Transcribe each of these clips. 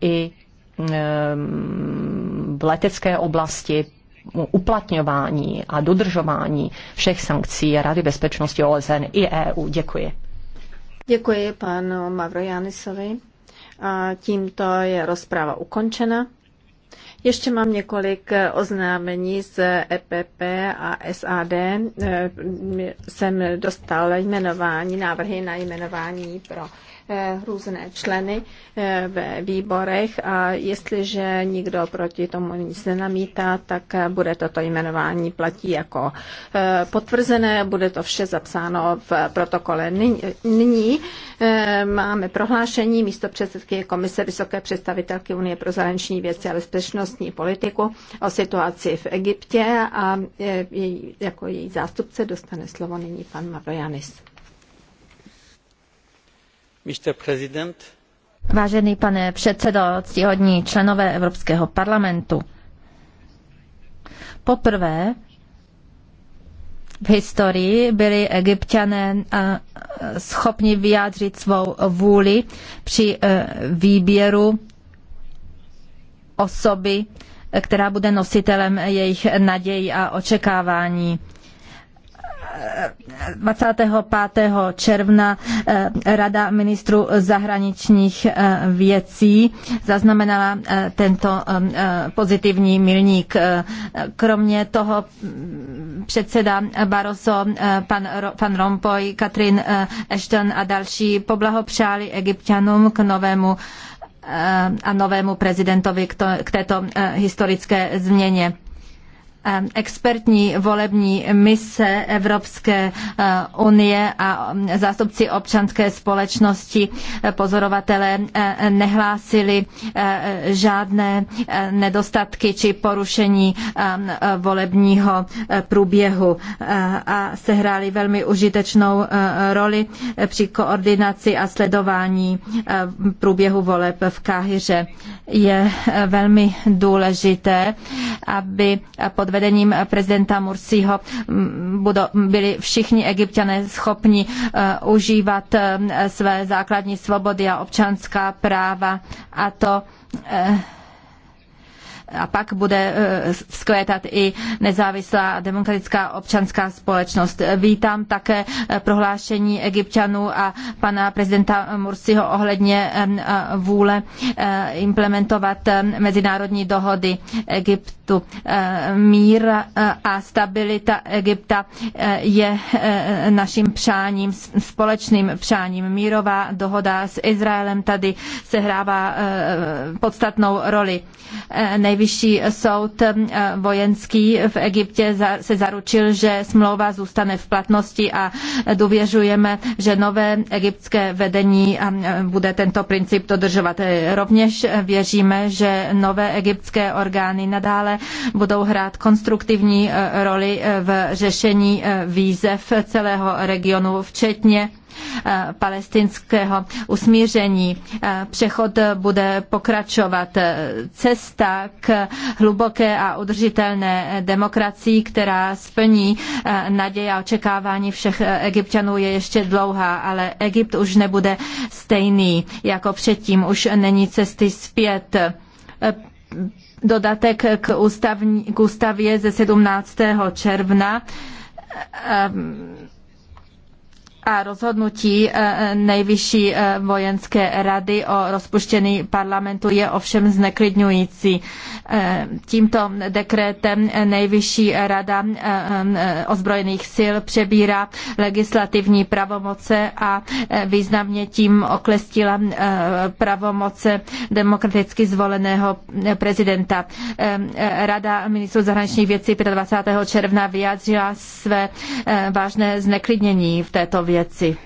i v letecké oblasti uplatňování a dodržování všech sankcí Rady bezpečnosti OSN i EU. Děkuji. Děkuji panu Mavrojanisovi. A tímto je rozpráva ukončena. Ještě mám několik oznámení z EPP a SAD. Jsem dostal jmenování, návrhy na jmenování pro Eh, různé členy eh, ve výborech a jestliže nikdo proti tomu nic nenamítá, tak eh, bude toto jmenování platí jako potvrzené, bude to vše zapsáno v protokole. Nyní máme prohlášení místo předsedky Komise Vysoké představitelky Unie pro zahraniční věci a bezpečnostní politiku o situaci v Egyptě a jako její zástupce dostane slovo nyní pan Mavrojanis. Vážený pane předsedo, ctihodní členové Evropského parlamentu. Poprvé v historii byli egyptiané schopni vyjádřit svou vůli při e, výběru osoby, e, která bude nositelem jejich nadějí a očekávání. 25. června eh, Rada ministrů zahraničních eh, věcí zaznamenala eh, tento pozitivní milník. Kromě toho mm, předseda Barroso, pan, pan Rompuy, Katrin Ashton a další poblahopřáli egyptianům k novému a novému prezidentovi k této historické změně. Ehm, expertní volební mise Evropské eh, unie a mm, zástupci občanské společnosti eh, pozorovatelé eh, nehlásili žádné nedostatky či porušení ehm, volebního průběhu a sehráli velmi užitečnou roli při koordinaci a sledování průběhu voleb v Káhyře. Je velmi důležité, aby podvedení vedením prezidenta Mursího byli všichni egyptiané schopni e, užívat e, své základní svobody a občanská práva a to e, a pak bude eh, vzkvétat i nezávislá demokratická občanská společnost. Vítám také eh, prohlášení egyptčanů a pana prezidenta Mursiho ohledně vůle eh, implementovat mezinárodní dohody Egyptu. Mír a stabilita Egypta je naším přáním, společným přáním. Mírová dohoda s Izraelem tady sehrává podstatnou roli. Největší nejvyšší soud eh, vojenský v Egyptě se zaručil, že smlouva zůstane v platnosti a důvěřujeme, že nové egyptské vedení eh, bude tento princip dodržovat. Rovněž věříme, že nové egyptské orgány nadále budou hrát konstruktivní eh, roli v řešení výzev celého regionu, včetně Eh, palestinského usmíření. Eh, přechod bude pokračovat. Eh, cesta k hluboké a udržitelné demokracii, která splní naděje a očekávání všech egyptianů, je ještě dlouhá, ale Egypt už nebude stejný jako předtím. Už není cesty zpět dodatek k, ústavní, k ústavě ze 17. června a rozhodnutí eh, nejvyšší eh, vojenské rady o rozpuštění parlamentu je ovšem zneklidňující. Eh, tímto dekrétem nejvyšší rada ozbrojených sil přebírá legislativní pravomoce a významně tím oklestila pravomoce demokraticky zvoleného prezidenta. Rada ministrů zahraničních věcí 25. června vyjádřila své vážné zneklidnění v této věci věci.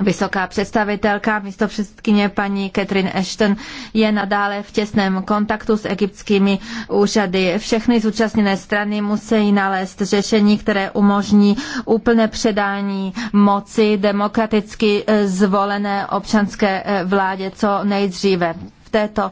Vysoká představitelka, místo předsedkyně paní Catherine Ashton, je nadále v těsném kontaktu s egyptskými úřady. Všechny zúčastněné strany musí nalézt řešení, které umožní úplné předání moci demokraticky zvolené občanské vládě co nejdříve. V této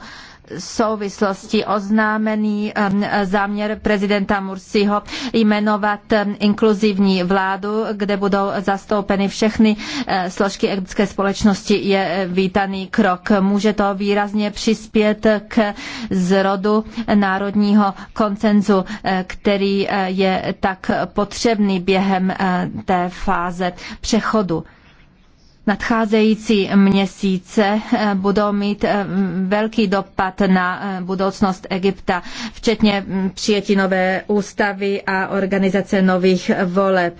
souvislosti oznámený um, záměr prezidenta Mursiho jmenovat um, inkluzivní vládu, kde budou zastoupeny všechny eh, složky egyptské společnosti, je eh, vítaný krok. Může to výrazně přispět k zrodu národního koncenzu, eh, který je tak potřebný během té fáze přechodu nadcházející měsíce eh, budou mít eh, velký dopad na eh, budoucnost Egypta, včetně mm, přijetí nové ústavy a organizace nových voleb.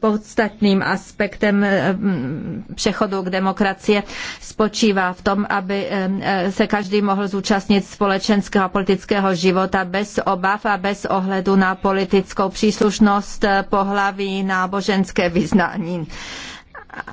Podstatným aspektem mm, přechodu k demokracie spočívá v tom, aby se každý mohl zúčastnit společenského a politického života bez obav a bez ohledu na politickou příslušnost, pohlaví, náboženské vyznání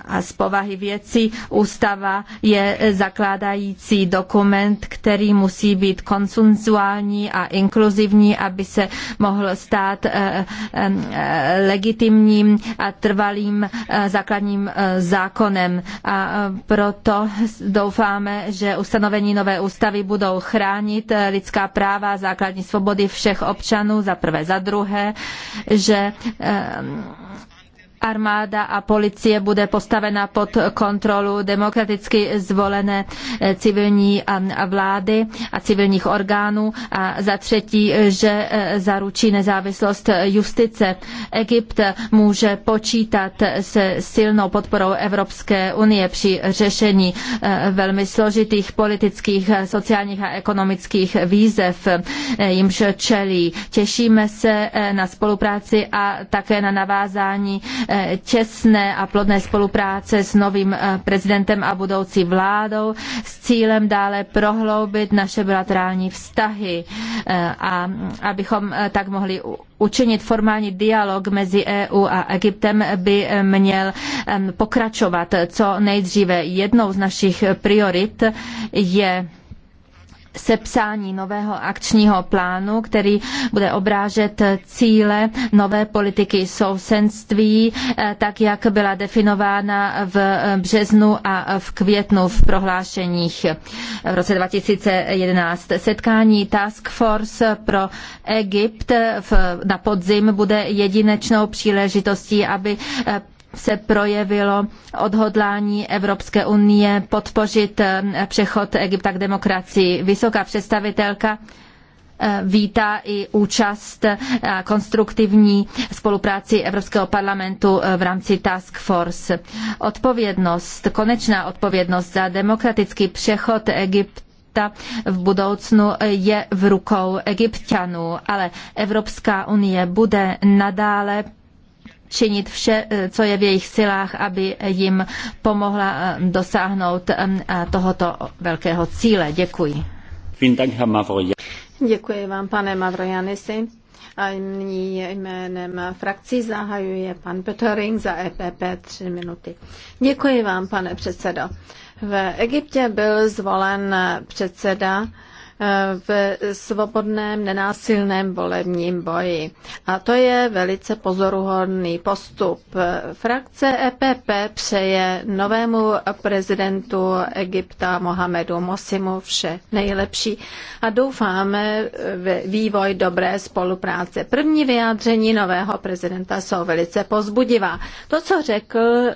a z povahy věci ústava je zakládající dokument, který musí být konsenzuální a inkluzivní, aby se mohl stát eh, eh, legitimním a trvalým eh, základním zákonem. A proto doufáme, že ustanovení nové ústavy budou chránit lidská práva, a základní svobody všech občanů, za prvé, za druhé, že armáda a policie bude postavena pod kontrolu demokraticky zvolené eh, civilní vlády a civilních orgánů a za třetí, že eh, zaručí nezávislost justice. Egypt může počítat se silnou podporou Evropské unie při řešení eh, velmi složitých politických, sociálních a ekonomických výzev, jimž čelí. Těšíme se na spolupráci a také na navázání Eh, těsné a plodné spolupráce s novým eh, prezidentem a budoucí vládou s cílem dále prohloubit naše bilaterální vztahy eh, a abychom tak mohli učinit formální dialog mezi EU a Egyptem by měl pokračovat co nejdříve. Jednou z našich priorit je sepsání nového akčního plánu, který bude obrážet cíle nové politiky sousedství, eh, tak jak byla definována v eh, březnu a v květnu v prohlášeních v roce 2011. Setkání Task Force pro Egypt na podzim bude jedinečnou příležitostí, aby eh, se projevilo odhodlání Evropské unie podpořit eh, přechod Egypta k demokracii. Vysoká představitelka eh, vítá i účast a konstruktivní spolupráci Evropského parlamentu eh, v rámci Task Force. Odpovědnost, konečná odpovědnost za demokratický přechod Egypta v budoucnu je v rukou egyptianů, ale Evropská unie bude nadále činit vše, eh, co je v jejich silách, aby jim pomohla eh, dosáhnout eh, tohoto velkého cíle. Děkuji. Děkuji vám, pane Mavrojanisi. A nyní jménem frakcí zahajuje pan Petering za EPP tři minuty. Děkuji vám, pane předsedo. V Egyptě byl zvolen předseda v svobodném, nenásilném volebním boji. A to je velice pozoruhodný postup. Frakce EPP přeje novému prezidentu Egypta Mohamedu Mosimu vše nejlepší a doufáme v vývoj dobré spolupráce. První vyjádření nového prezidenta jsou velice pozbudivá. To, co řekl eh,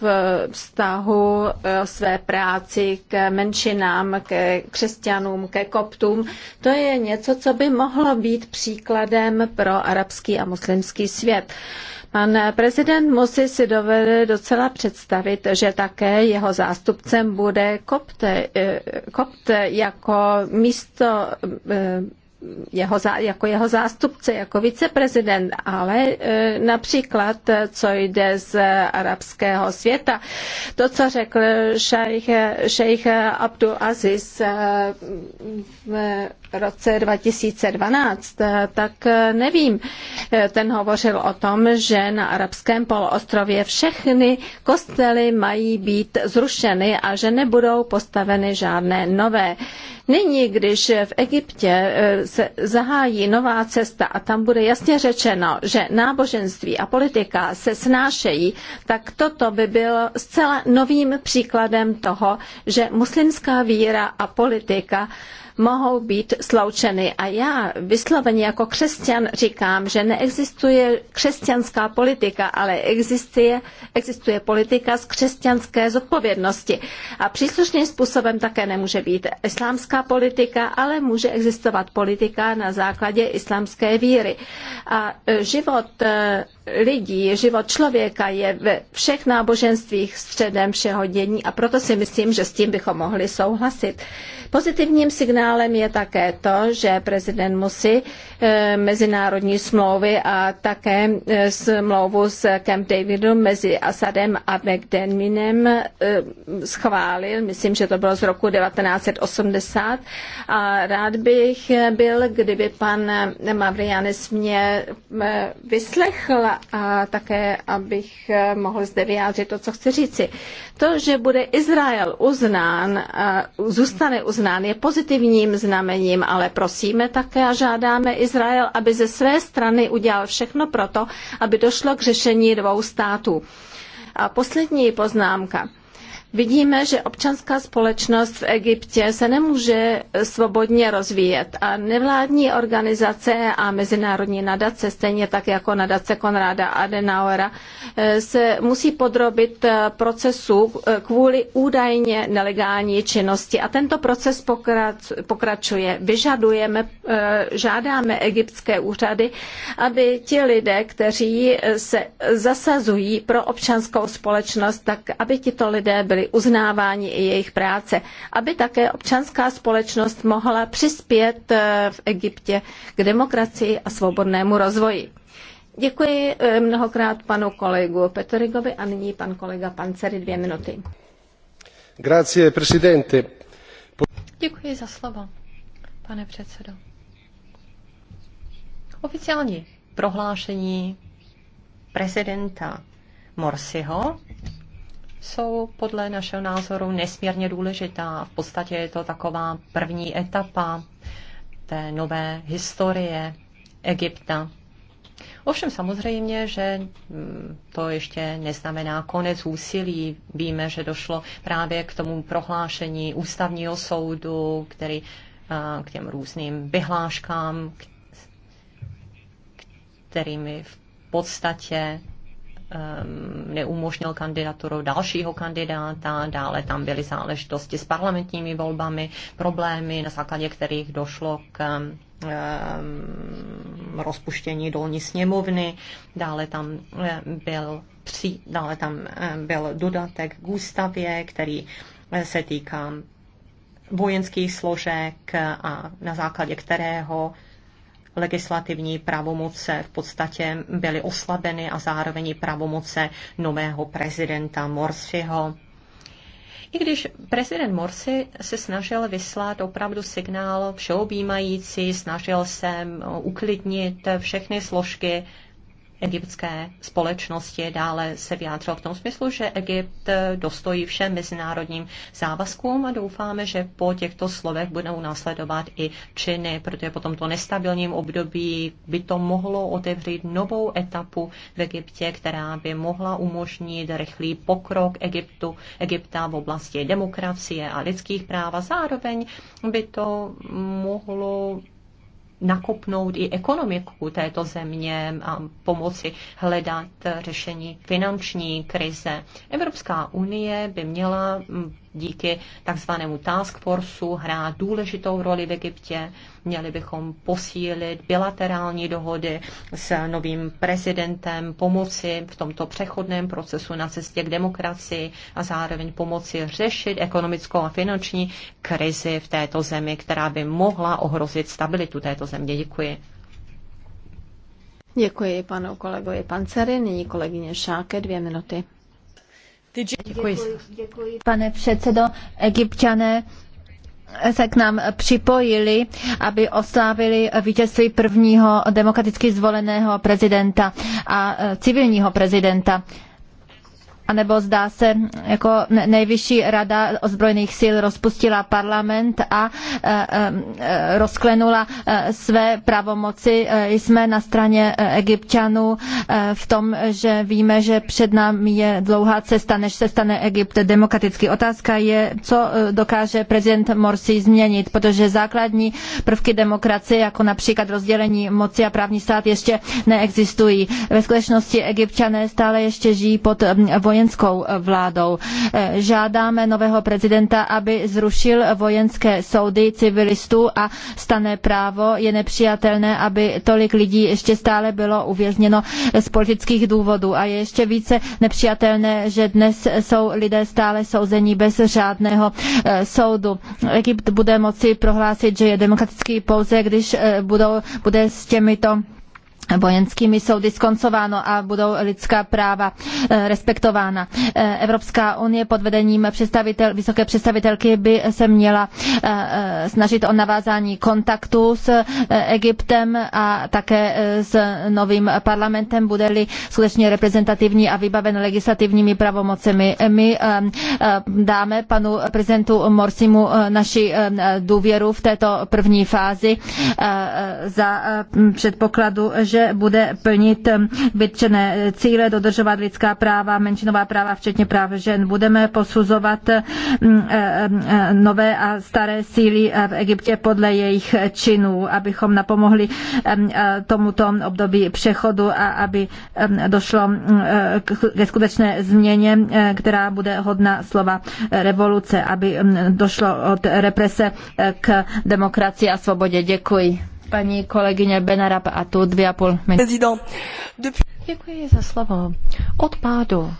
v vztahu eh, své práci k menšinám, ke křesťanům, ke komunikům, koptům. To je něco, co by mohlo být příkladem pro arabský a muslimský svět. Pan prezident Musi si dovede docela představit, že také jeho zástupcem bude kopte, eh, kopte jako místo eh, jeho, jako jeho zástupce, jako viceprezident, ale e, například, e, co jde z arabského světa, to, co řekl šejch, šejch Abdul Aziz e, v roce 2012, tak nevím. Ten hovořil o tom, že na arabském poloostrově všechny kostely mají být zrušeny a že nebudou postaveny žádné nové. Nyní, když v Egyptě se zahájí nová cesta a tam bude jasně řečeno, že náboženství a politika se snášejí, tak toto by bylo zcela novým příkladem toho, že muslimská víra a politika uh, mohou být sloučeny. A já vysloveně jako křesťan říkám, že neexistuje křesťanská politika, ale existuje, existuje politika z křesťanské zodpovědnosti. A příslušným způsobem také nemůže být islámská politika, ale může existovat politika na základě islámské víry. A život eh, lidí, život člověka je ve všech náboženstvích středem všeho dění a proto si myslím, že s tím bychom mohli souhlasit. Pozitivním signálem je také to, že prezident Musi eh, mezinárodní smlouvy a také eh, smlouvu s Camp Davidu mezi Asadem a McDerminem eh, schválil. Myslím, že to bylo z roku 1980 a rád bych byl, kdyby pan Mavrianis mě vyslechl a také, abych eh, mohl zde vyjádřit to, co chci říci. To, že bude Izrael uznán, eh, zůstane uznán, je pozitivním znamením, ale prosíme také a žádáme Izrael, aby ze své strany udělal všechno proto, aby došlo k řešení dvou států. A poslední poznámka. Vidíme, že občanská společnost v Egyptě se nemůže svobodně rozvíjet a nevládní organizace a mezinárodní nadace, stejně tak jako nadace Konráda Adenauera, eh, se musí podrobit eh, procesu eh, kvůli údajně nelegální činnosti. A tento proces pokračuje. Vyžadujeme, žádáme egyptské úřady, aby ti lidé, kteří se zasazují pro občanskou společnost, tak aby tito lidé byli byli uznáváni i jejich práce, aby také občanská společnost mohla přispět eh, v Egyptě k demokracii a svobodnému rozvoji. Děkuji eh, mnohokrát panu kolegu Peterigovi a nyní pan kolega Panceri dvě minuty. Grazie, presidente. Děkuji za slovo, pane předsedo. Oficiální prohlášení prezidenta Morsiho jsou podle našeho názoru nesmírně důležitá. V podstatě je to taková první etapa té nové historie Egypta. Ovšem samozřejmě, že mm, to ještě neznamená konec úsilí. Víme, že došlo právě k tomu prohlášení ústavního soudu, který k těm různým vyhláškám, kterými v podstatě Ehm, neumožnil kandidaturu dalšího kandidáta, dále tam byly záležitosti s parlamentními volbami, problémy, na základě kterých došlo k ehm, rozpuštění dolní sněmovny, dále tam eh, byl, při, dále tam eh, byl dodatek k ústavě, který eh, se týká vojenských složek a na základě kterého legislativní pravomoce v podstatě byly oslabeny a zároveň pravomoce nového prezidenta Morsiho. I když prezident Morsi se snažil vyslat opravdu signál všeobjímající, snažil se eh, uklidnit všechny složky egyptské společnosti. Dále se vyjádřil v tom smyslu, že Egypt eh, dostojí všem mezinárodním závazkům a doufáme, že po těchto slovech budou následovat i činy, protože po tomto nestabilním období by to mohlo otevřít novou etapu v Egyptě, která by mohla umožnit rychlý pokrok Egyptu, Egypta v oblasti demokracie a lidských práv a zároveň by to mohlo nakopnout i ekonomiku této země a pomoci hledat řešení finanční krize. Evropská unie by měla díky takzvanému task forceu hrát důležitou roli v Egyptě. Měli bychom posílit bilaterální dohody s novým prezidentem, pomoci v tomto přechodném procesu na cestě k demokracii a zároveň pomoci řešit ekonomickou a finanční krizi v této zemi, která by mohla ohrozit stabilitu této země. Děkuji. Děkuji panu kolegovi Panceri, nyní kolegyně Šáke, dvě minuty. Děkuji. Pane předsedo, egyptiané se k nám připojili, aby oslávili vítězství prvního demokraticky zvoleného prezidenta a civilního prezidenta anebo zdá se, jako nejvyšší rada ozbrojených sil rozpustila parlament a e, e, e, rozklenula své pravomoci. Jsme na straně egyptianů v tom, že víme, že před námi je dlouhá cesta, než se stane Egypt demokratický. Otázka je, co dokáže prezident Morsi změnit, protože základní prvky demokracie, jako například rozdělení moci a právní stát, ještě neexistují. Ve skutečnosti egyptiané stále ještě žijí pod vojenským vojenskou eh, vládou. Eh, žádáme nového prezidenta, aby zrušil vojenské soudy civilistů a stane právo. Je nepřijatelné, aby tolik lidí ještě stále bylo uvězněno z politických důvodů. A je ještě více nepřijatelné, že dnes jsou lidé stále souzeni bez žádného eh, soudu. Egypt bude moci prohlásit, že je demokratický pouze, když budou, bude s těmito vojenskými soudy skoncováno a budou lidská práva eh, respektována. Eh, Evropská unie pod vedením představitel, vysoké představitelky by se měla eh, snažit o navázání kontaktu s Egyptem a také s novým parlamentem, bude-li skutečně reprezentativní a vybaven legislativními pravomocemi. My dáme panu prezidentu Morsimu naši důvěru v této první fázi za předpokladu, že že bude plnit vytčené cíle, dodržovat lidská práva, menšinová práva, včetně práv žen. Budeme posuzovat mm, eh, eh, nové a staré síly v Egyptě podle jejich činů, abychom napomohli mm, eh, tomuto období přechodu a aby mm, došlo ke skutečné změně, která bude hodna slova revoluce, aby došlo od represe k demokracii a svobodě. Děkuji. Paní kolegyně Benarab a tu dvě a půl minuty. Děkuji za slovo. Od pádu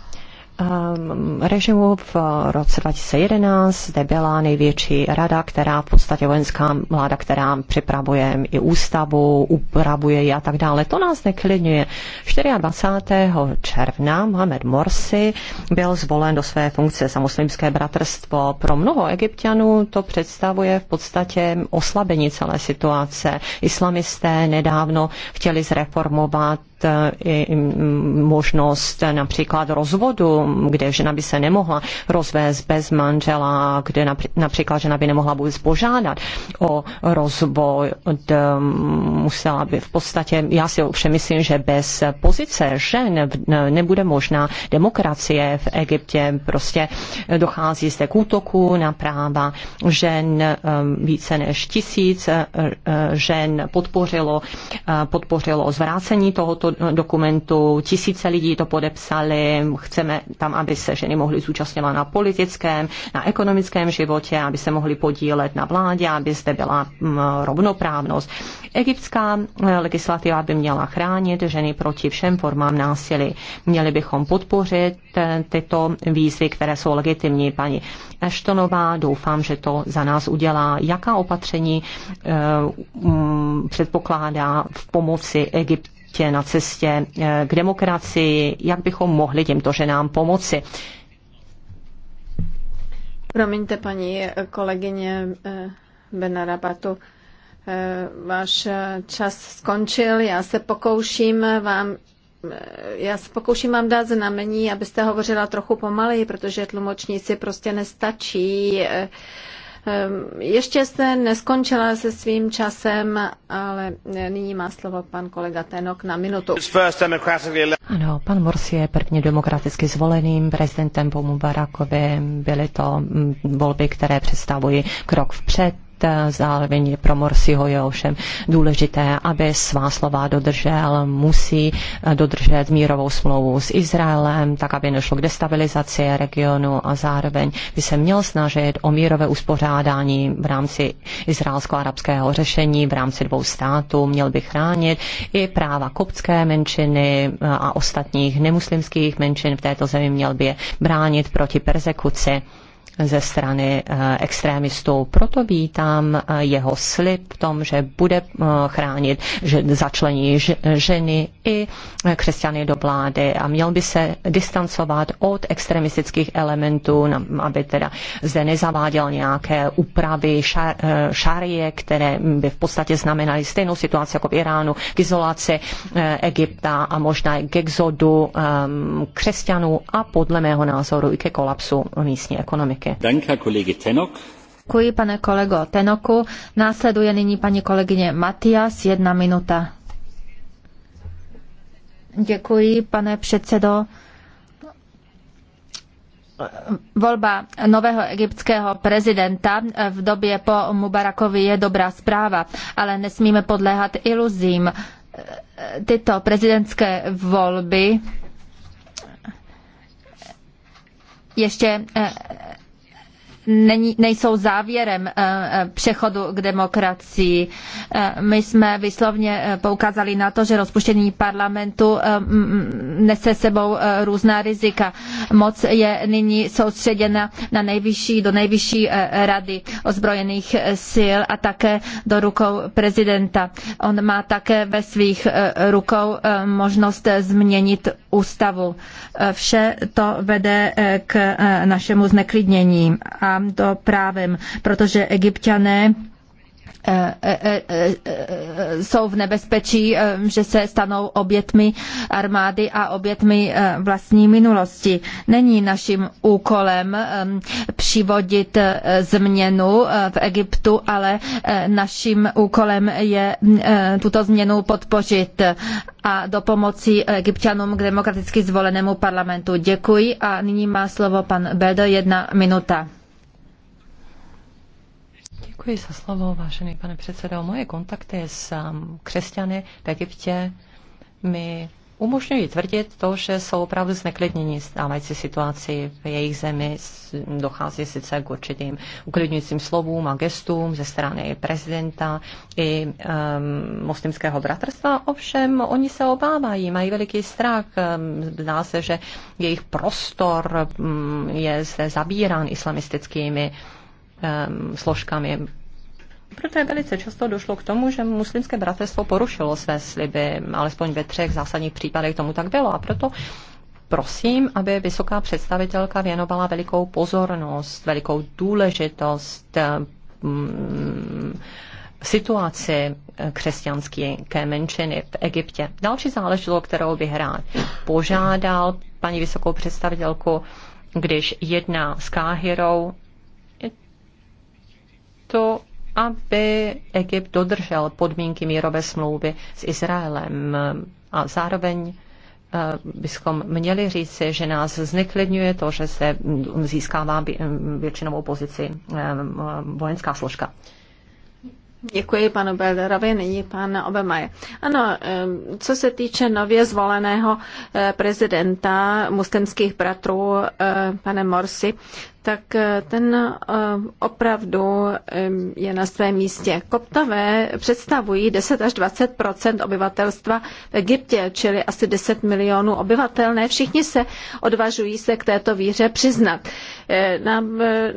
Um, režimu v roce 2011 zde byla největší rada, která v podstatě vojenská vláda, která připravuje i ústavu, upravuje ji a tak dále. To nás neklidňuje. 24. června Mohamed Morsi byl zvolen do své funkce za muslimské bratrstvo. Pro mnoho egyptianů to představuje v podstatě oslabení celé situace. Islamisté nedávno chtěli zreformovat Eh, i mm, možnost eh, například rozvodu, kde žena by se nemohla rozvést bez manžela, kde například žena by nemohla vůbec požádat o rozvod, eh, musela by v podstatě, já si ovšem myslím, že bez pozice žen nebude možná demokracie v Egyptě, prostě dochází zde k útoku na práva žen, více než tisíc žen podpořilo, podpořilo zvrácení tohoto dokumentu. Tisíce lidí to podepsali. Chceme tam, aby se ženy mohly zúčastňovat na politickém, na ekonomickém životě, aby se mohly podílet na vládě, aby zde byla mm, rovnoprávnost. Egyptská eh, legislativa by měla chránit ženy proti všem formám násilí. Měli bychom podpořit eh, tyto výzvy, které jsou legitimní. Paní Eštonová, doufám, že to za nás udělá. Jaká opatření eh, mm, předpokládá v pomoci Egyptu? tě na cestě eh, k demokracii, jak bychom mohli těmto ženám pomoci. Promiňte, paní kolegyně eh, Benarabatu, eh, váš čas skončil. Já se pokouším vám já se pokouším vám dát znamení, abyste hovořila trochu pomaleji, protože tlumočníci prostě nestačí Ehm, ještě jste neskončila se svým časem, ale nyní má slovo pan kolega Tenok na minutu. Ano, pan Morsi je první demokraticky zvoleným prezidentem po Mubarakovi. Byly to mm, volby, které představují krok vpřed důležité, eh, zároveň pro Morsiho je ovšem důležité, aby svá slova dodržel, musí eh, dodržet mírovou smlouvu s Izraelem, tak aby nešlo k destabilizaci regionu a zároveň by se měl snažit o mírové uspořádání v rámci izraelsko-arabského řešení, v rámci dvou států, měl by chránit i práva koptské menšiny eh, a ostatních nemuslimských menšin v této zemi, měl by je bránit proti persekuci ze strany eh, extrémistů. Proto vítám eh, jeho slib v tom, že bude eh, chránit že začlení ženy i křesťany do vlády a měl by se distancovat od extremistických elementů, aby teda zde nezaváděl nějaké úpravy šarie, které by v podstatě znamenaly stejnou situaci jako v Iránu, k izolaci Egypta a možná i k exodu ehm, křesťanů a podle mého názoru i ke kolapsu místní ekonomiky světě. Děkuji, pane kolego Tenoku. Následuje nyní paní kolegyně Matias, jedna minuta. Děkuji, pane předsedo volba nového egyptského prezidenta v době po Mubarakovi je dobrá zpráva, ale nesmíme podléhat iluzím. Tyto prezidentské volby ještě není, nejsou závěrem eh, eh, přechodu k demokracii. Eh, my jsme vyslovně poukázali na to, že rozpuštění parlamentu nese sebou různá rizika. Moc je nyní soustředěna na nejvyšší, do nejvyšší rady ozbrojených sil a také do rukou prezidenta. On má také ve svých rukou možnost změnit ústavu. Vše to vede k našemu zneklidnění. A a to právem, protože egyptiané eh, eh, eh, jsou v nebezpečí, že se stanou obětmi armády a obětmi vlastní minulosti. Není naším úkolem přivodit změnu v Egyptu, ale naším úkolem je tuto změnu podpořit a pomoci egyptianům k demokraticky zvolenému parlamentu. Děkuji a nyní má slovo pan Bedo, jedna minuta. Děkuji za slovo, vážený pane předsedo. Moje kontakty s křesťany v Egyptě mi umožňují tvrdit to, že jsou opravdu zneklidnění stávající situaci v jejich zemi. Dochází sice k určitým uklidňujícím slovům a gestům ze strany prezidenta i um, muslimského bratrstva. Ovšem, oni se obávají, mají veliký strach. Zdá se, že jejich prostor um, je zde zabírán islamistickými uh, Ehm, složkami. Proto velice často došlo k tomu, že muslimské bratrstvo porušilo své sliby, alespoň ve třech zásadních případech tomu tak bylo. A proto prosím, aby vysoká představitelka věnovala velikou pozornost, velikou důležitost ehm, situaci křesťanské menšiny v Egyptě. Další záležitost, kterou bych rád požádal paní vysokou představitelku, když jedná s Káhirou, to, aby Egypt dodržel podmínky mírové smlouvy s Izraelem. A zároveň eh, bychom měli říci, že nás zneklidňuje to, že se získává většinovou pozici eh, vojenská složka. Děkuji panu Belderovi, nyní pan Obemaje. Ano, eh, co se týče nově zvoleného prezidenta muslimských bratrů, pane Morsi, tak eh, ten eh, opravdu je na svém místě. Koptové představují 10 až 20 obyvatelstva v Egyptě, čili asi 10 milionů obyvatel. Ne všichni se odvažují se k této víře přiznat. Eh,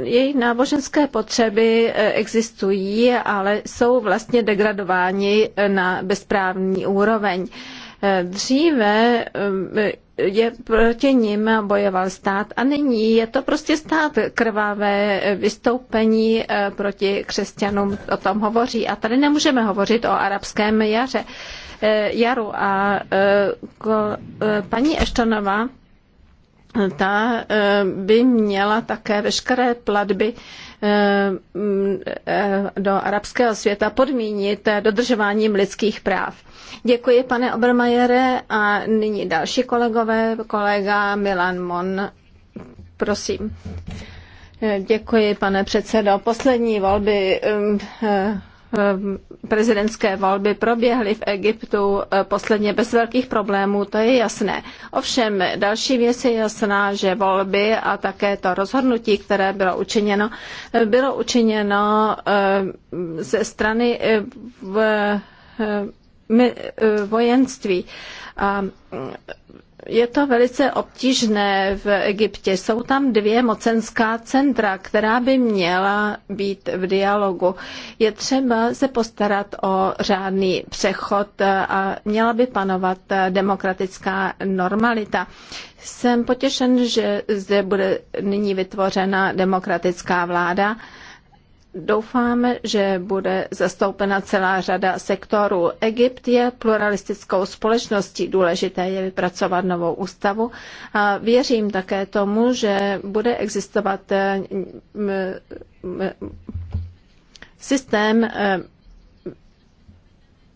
její náboženské potřeby existují, ale jsou vlastně degradováni na bezprávní úroveň. Dříve je proti ním bojoval stát a nyní je to prostě stát krvavé vystoupení eh, proti křesťanům o tom hovoří a tady nemůžeme hovořit o arabském jaře, eh, jaru a eh, paní Eštonová ta eh, by měla také veškeré platby eh, mm, eh, do arabského světa podmínit dodržováním lidských práv. Děkuji, pane Obermajere, a nyní další kolegové, kolega Milan Mon, prosím. Děkuji, pane předsedo. Poslední volby Ehm, prezidentské volby proběhly v Egyptu eh, posledně bez velkých problémů, to je jasné. Ovšem další věc je jasná, že volby a také to rozhodnutí, které bylo učiněno, eh, bylo učiněno ehm, ze strany eh, vojenství. Mm, je to velice obtížné v Egyptě. Jsou tam dvě mocenská centra, která by měla být v dialogu. Je třeba se postarat o řádný přechod a měla by panovat demokratická normalita. Jsem potěšen, že zde bude nyní vytvořena demokratická vláda Doufáme, že bude zastoupena celá řada sektorů. Egypt je pluralistickou společností, důležité je vypracovat novou ústavu a věřím také tomu, že bude existovat eh, systém eh,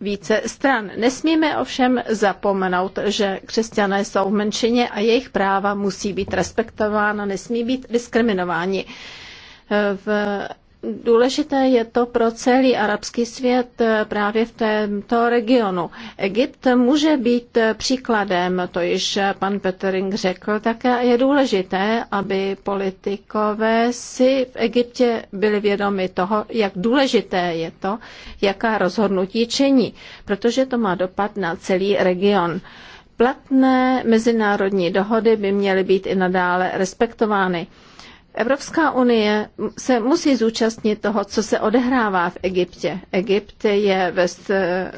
více stran. Nesmíme ovšem zapomenout, že křesťané jsou v menšině a jejich práva musí být respektována, nesmí být diskriminováni. Eh, v Důležité je to pro celý arabský svět eh, právě v tomto regionu. Egypt může být eh, příkladem, to již eh, pan Petering řekl, také je důležité, aby politikové si v Egyptě byli vědomi toho, jak důležité je to, jaká rozhodnutí činí, protože to má dopad na celý region. Platné mezinárodní dohody by měly být i nadále respektovány. Evropská unie se musí zúčastnit toho, co se odehrává v Egyptě. Egypt je ve eh,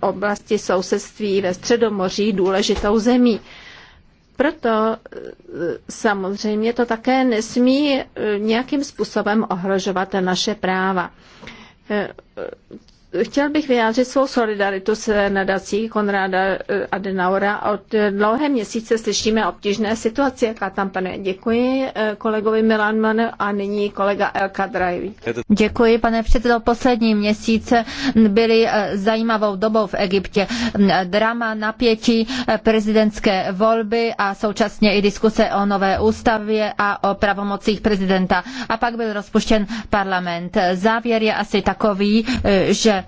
oblasti sousedství ve Středomoří důležitou zemí. Proto eh, samozřejmě to také nesmí eh, nějakým způsobem ohrožovat naše práva. Chtěl bych vyjádřit svou solidaritu s nadací Konráda eh, Adenaura. Od eh, dlouhé měsíce slyšíme obtížné situaci, jaká tam panuje. Děkuji eh, kolegovi Milanmanu a nyní kolega Elka Drajvi. Děkuji, pane předsedo. Poslední měsíce byly zajímavou dobou v Egyptě. Drama, napětí, prezidentské volby a současně i diskuse o nové ústavě a o pravomocích prezidenta. A pak byl rozpuštěn parlament. Závěr je asi takový, že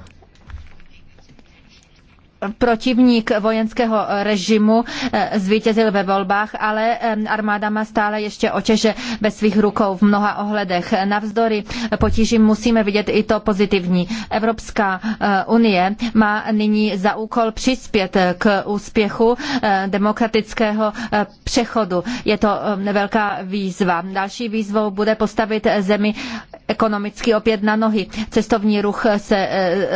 protivník vojenského režimu eh, zvítězil ve volbách, ale eh, armáda má stále ještě očeže ve svých rukou v mnoha ohledech. Navzdory potížím musíme vidět i to pozitivní. Evropská eh, unie má nyní za úkol přispět k úspěchu demokratického přechodu. Je to velká výzva. Další výzvou bude postavit zemi ekonomicky opět na nohy. Cestovní ruch se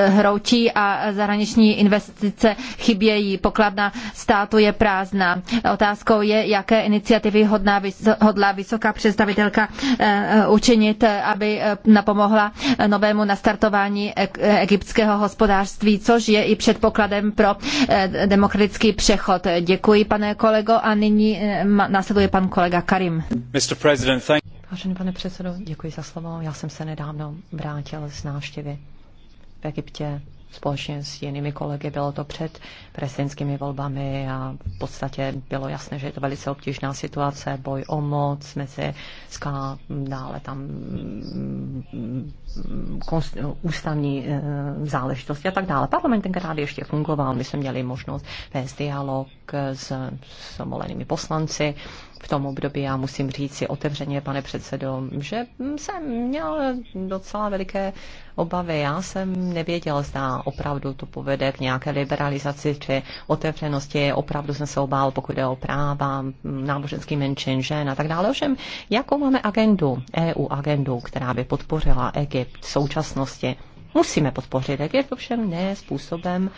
hroutí a zahraniční investice srdce chybějí, pokladna státu je prázdná. Otázkou je, jaké iniciativy hodná, hodlá vysoká představitelka eh, učinit, eh, aby eh, napomohla novému nastartování egyptského hospodářství, což je i předpokladem pro demokratický přechod. Děkuji, pane kolego, a nyní následuje pan kolega Karim. Vážený pane předsedo, děkuji za slovo. Já jsem se nedávno vrátil z návštěvy v Egyptě společně s jinými kolegy. Bylo to před prezidentskými volbami a v podstatě bylo jasné, že je to velice obtížná situace, boj o moc mezi ská, dále tam mm, konst, no, ústavní eh, záležitosti a tak dále. Parlament tenkrát ještě fungoval, my jsme měli možnost vést dialog s, s volenými poslanci v tom období. Já musím říct si otevřeně, pane předsedo, že jsem měl docela veliké obavy. Já jsem nevěděl, zda opravdu to povede k nějaké liberalizaci či otevřenosti. Opravdu jsem se obával, pokud jde o práva náboženský menšin, žen a tak dále. Ovšem, jakou máme agendu, EU agendu, která by podpořila Egypt v současnosti? Musíme podpořit Egypt, ovšem ne způsobem,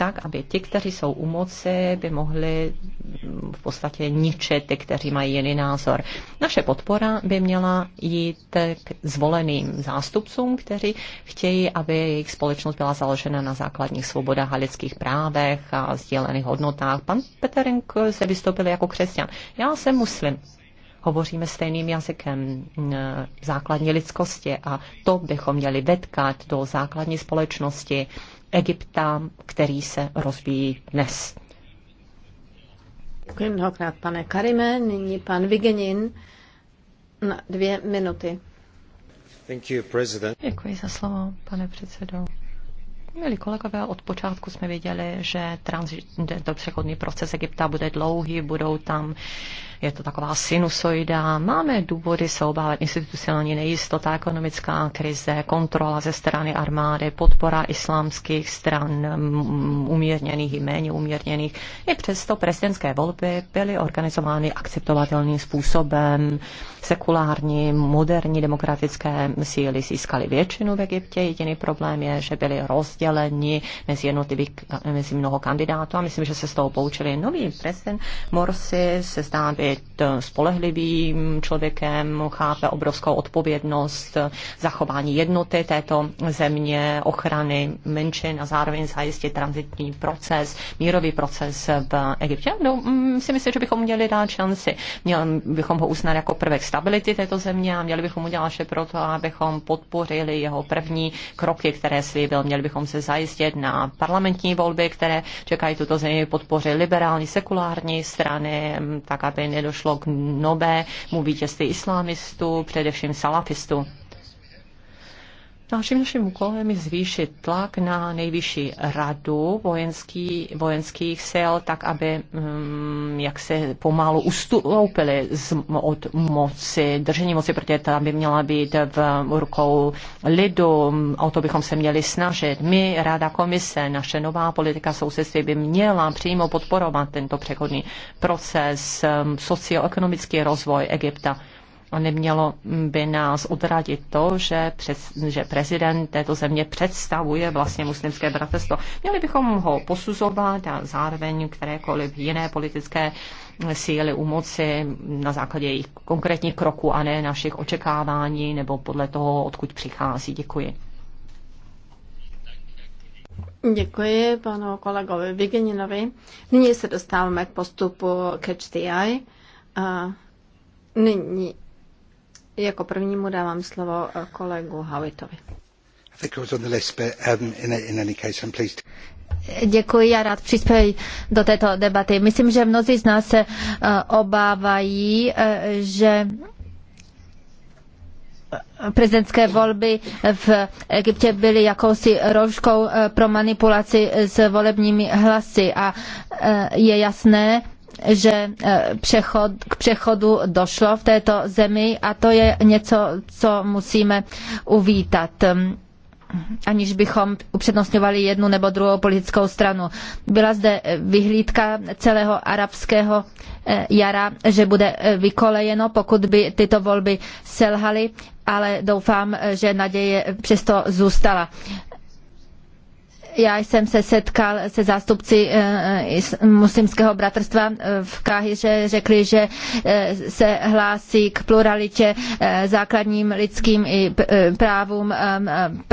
tak, aby ti, kteří jsou u moci, by mohli v podstatě ničit ty, kteří mají jiný názor. Naše podpora by měla jít k zvoleným zástupcům, kteří chtějí, aby jejich společnost byla založena na základních svobodách a lidských právech a sdílených hodnotách. Pan Peterink se vystoupil jako křesťan. Já jsem muslim hovoříme stejným jazykem eh, základní lidskosti a to bychom měli vetkat do základní společnosti Egypta, který se rozvíjí dnes. Děkuji mnohokrát, pane Karime. Nyní pan Vigenin na dvě minuty. You, Děkuji za slovo, pane předsedo. Milí kolegové, od počátku jsme věděli, že transi- tento přechodný proces Egypta bude dlouhý, budou tam, je to taková sinusoida. Máme důvody se obávat institucionální nejistota, ekonomická krize, kontrola ze strany armády, podpora islámských stran umírněných i méně umírněných. I přesto prezidentské volby byly organizovány akceptovatelným způsobem. Sekulární, moderní demokratické síly získaly většinu v Egyptě. Jediný problém je, že byly roz rozdělení mezi jednotlivý, mezi mnoho kandidátů a myslím, že se z toho poučili. Nový prezident Morsi se zdá být eh, spolehlivým člověkem, chápe obrovskou odpovědnost zachování jednoty této země, ochrany menšin a zároveň zajistit transitní proces, mírový proces v Egyptě. No, mm, si myslím, že bychom měli dát šanci. Měli bychom ho uznat jako prvek stability této země a měli bychom udělat vše pro to, abychom podpořili jeho první kroky, které slíbil. Měli bychom se zajistit na parlamentní volby, které čekají tuto zemi podpořit liberální, sekulární strany, mm, tak aby nedošlo k novému vítězství islámistů, především salafistů. Naším naším úkolem je zvýšit tlak na nejvyšší radu vojenský, vojenských sil, tak aby um, jak se pomalu ustoupili z, od moci, držení moci, protože ta by měla být v rukou lidu, o to bychom se měli snažit. My, rada komise, naše nová politika sousedství by měla přímo podporovat tento přechodný proces, um, socioekonomický rozvoj Egypta nemělo by nás odradit to, že, přes, že prezident této země představuje vlastně muslimské bratrstvo. Měli bychom ho posuzovat a zároveň kterékoliv jiné politické síly u moci na základě jejich konkrétních kroků a ne našich očekávání nebo podle toho, odkud přichází. Děkuji. Děkuji panu kolegovi Vigeninovi. Nyní se dostáváme k postupu Catch the Eye. A nyní jako prvnímu dávám slovo eh, kolegu Hawitovi. Um, Děkuji, já rád přispěji do této debaty. Myslím, že mnozí z nás se eh, obávají, eh, že prezidentské volby v Egyptě byly jakousi rouškou pro manipulaci s volebními hlasy a je jasné, že e, přechod, k přechodu došlo v této zemi a to je něco, co musíme uvítat aniž bychom upřednostňovali jednu nebo druhou politickou stranu. Byla zde e, vyhlídka celého arabského e, jara, že bude vykolejeno, pokud by tyto volby selhaly, ale doufám, že naděje přesto zůstala. Já jsem se setkal se zástupci eh, eh, muslimského bratrstva eh, v Káhyře, řekli, že se hlásí k pluralitě základním lidským i právům,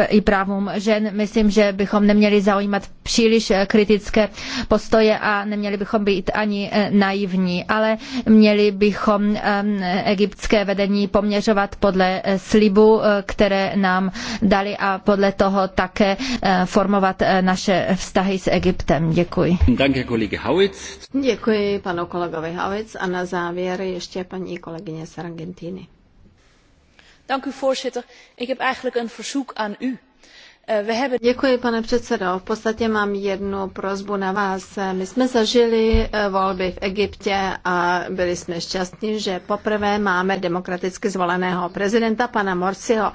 i právům žen. Myslím, že bychom neměli zaujímat příliš kritické postoje a neměli bychom být ani naivní, ale měli bychom egyptské vedení poměřovat podle slibu, které nám dali a podle toho také formovat Eh, naše vztahy s Egyptem. Děkuji. Děkuji panu kolegovi Havic a na závěr ještě paní kolegyně z Argentiny. Eh, Děkuji, pane předsedo. V podstatě mám jednu prozbu na vás. My jsme zažili eh, volby v Egyptě a byli jsme šťastní, že poprvé máme demokraticky zvoleného prezidenta, pana Morsiho.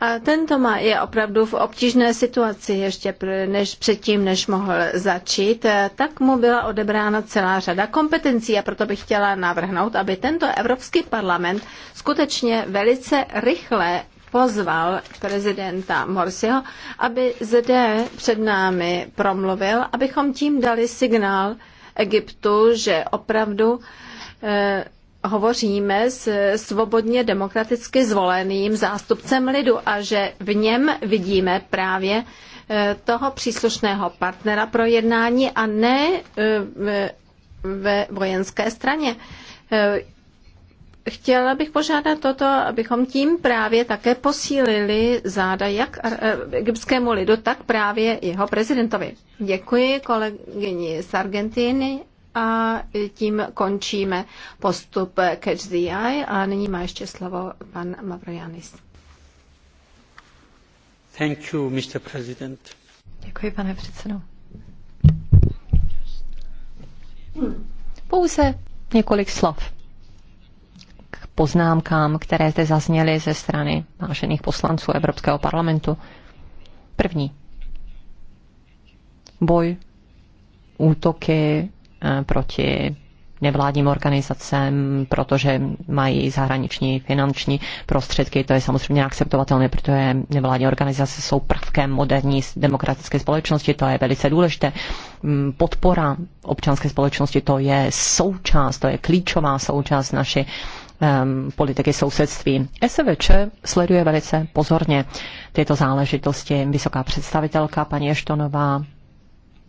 A tento má, je opravdu v obtížné situaci ještě než předtím, než mohl začít. E, tak mu byla odebrána celá řada kompetencí a proto bych chtěla navrhnout, aby tento Evropský parlament skutečně velice rychle pozval prezidenta Morsiho, aby zde před námi promluvil, abychom tím dali signál Egyptu, že opravdu e, hovoříme s svobodně demokraticky zvoleným zástupcem lidu a že v něm vidíme právě e, toho příslušného partnera pro jednání a ne e, ve vojenské straně. E, chtěla bych požádat toto, abychom tím právě také posílili záda jak egyptskému lidu, tak právě jeho prezidentovi. Děkuji kolegyni z Argentiny a tím končíme postup Catch the Eye a nyní má ještě slovo pan Mavrojanis. Thank you, Mr. President. Děkuji, pane předsedo. Pouze několik slov k poznámkám, které zde zazněly ze strany vážených poslanců Evropského parlamentu. První. Boj, útoky Eh, proti nevládním organizacím, protože mají zahraniční finanční prostředky. To je samozřejmě akceptovatelné, protože nevládní organizace jsou prvkem moderní demokratické společnosti. To je velice důležité. Mm, podpora občanské společnosti, to je součást, to je klíčová součást naší um, politiky sousedství. SVČ sleduje velice pozorně tyto záležitosti. Vysoká představitelka paní Eštonová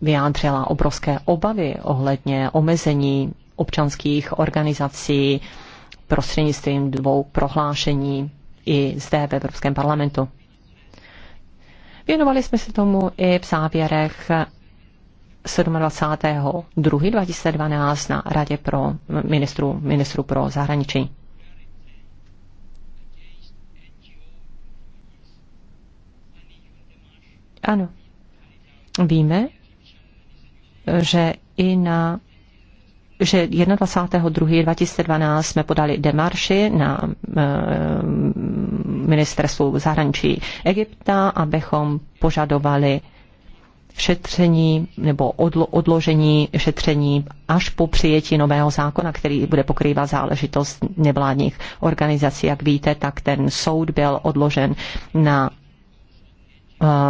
vyjádřila obrovské obavy ohledně omezení občanských organizací prostřednictvím dvou prohlášení i zde v Evropském parlamentu. Věnovali jsme se tomu i v závěrech 27.2.2012 na Radě pro ministru, ministru pro zahraničí. Ano. Víme, že i na že 21.2.2012 jsme podali demarši na eh, ministerstvu zahraničí Egypta, abychom požadovali šetření nebo odlo, odložení šetření až po přijetí nového zákona, který bude pokrývat záležitost nevládních organizací. Jak víte, tak ten soud byl odložen na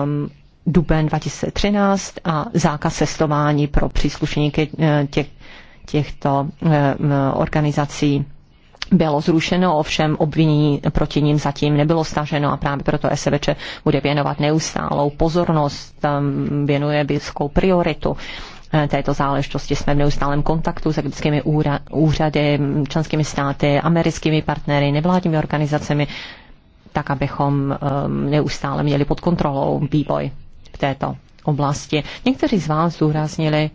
um, duben 2013 a zákaz cestování pro příslušníky eh, těch, těchto eh, organizací bylo zrušeno, ovšem obvinění proti ním zatím nebylo staženo a právě proto SVČ bude věnovat neustálou pozornost, věnuje vysokou prioritu eh, této záležitosti. Jsme v neustálém kontaktu s egyptskými úřady, členskými státy, americkými partnery, nevládními organizacemi, tak abychom neustále měli pod kontrolou vývoj této oblasti. Někteří z vás zúraznili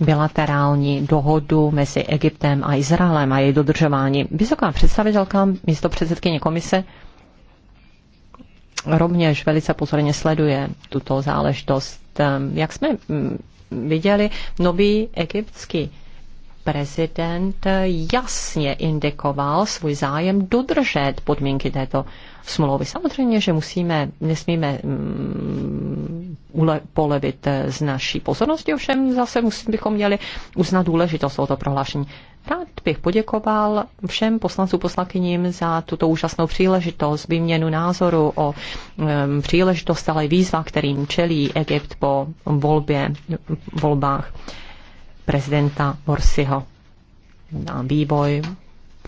bilaterální dohodu mezi Egyptem a Izraelem a její dodržování. Vysoká představitelka, místo předsedkyně komise, rovněž velice pozorně sleduje tuto záležitost. Ehm, jak jsme mm, viděli, nový egyptský prezident jasně indikoval svůj zájem dodržet podmínky této smlouvy. Samozřejmě, že musíme, nesmíme mm, polevit eh, z naší pozornosti, ovšem zase musí, bychom měli uznat důležitost tohoto prohlášení. Rád bych poděkoval všem poslancům poslankyním za tuto úžasnou příležitost, výměnu názoru o um, příležitost, ale i výzva, kterým čelí Egypt po volbě, volbách prezidenta Morsiho na vývoj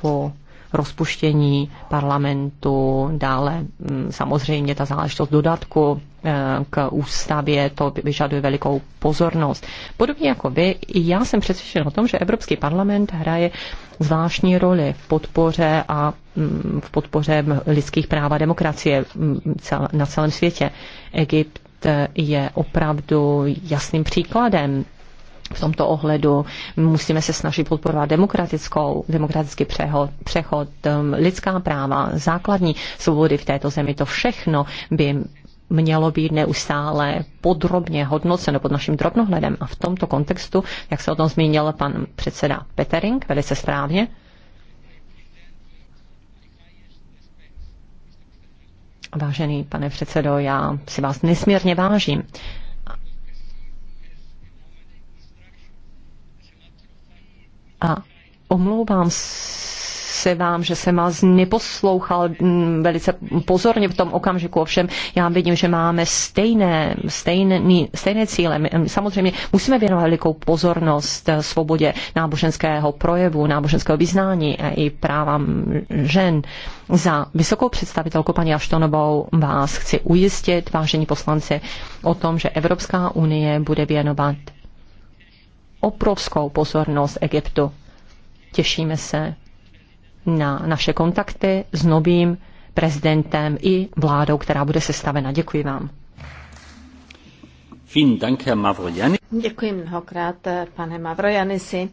po rozpuštění parlamentu, dále samozřejmě ta záležitost dodatku Eh, k ústavě, to vyžaduje velikou pozornost. Podobně jako vy, i já jsem přesvědčen o tom, že Evropský parlament hraje zvláštní roli v podpoře a mm, v podpoře lidských práv a demokracie mm, na celém světě. Egypt je opravdu jasným příkladem v tomto ohledu. Musíme se snažit podporovat demokratickou, demokratický přechod, přechod, mm, lidská práva, základní svobody v této zemi. To všechno by mělo být neustále podrobně hodnoceno pod naším drobnohledem. A v tomto kontextu, jak se o tom zmínil pan předseda Petering, velice správně, Vážený pane předsedo, já si vás nesmírně vážím. A omlouvám se vám, že jsem vás neposlouchal mm, velice pozorně v tom okamžiku. Ovšem, já vidím, že máme stejné, stejný, stejné cíle. My, mm, samozřejmě musíme věnovat velikou pozornost eh, svobodě náboženského projevu, náboženského vyznání a i právám žen. Za vysokou představitelku paní Aštonovou vás chci ujistit, vážení poslanci, o tom, že Evropská unie bude věnovat obrovskou pozornost Egyptu. Těšíme se na naše kontakty s novým prezidentem i vládou, která bude sestavena. Děkuji vám. Děkuji mnohokrát, pane Mavrojanisi.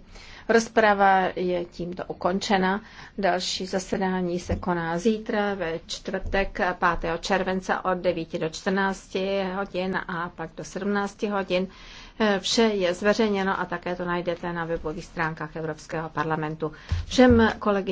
Rozprava je tímto ukončena. Další zasedání se koná zítra ve čtvrtek 5. července od 9 do 14 hodin a pak do 17 hodin. Vše je zveřejněno a také to najdete na webových stránkách Evropského parlamentu. Všem kolegyně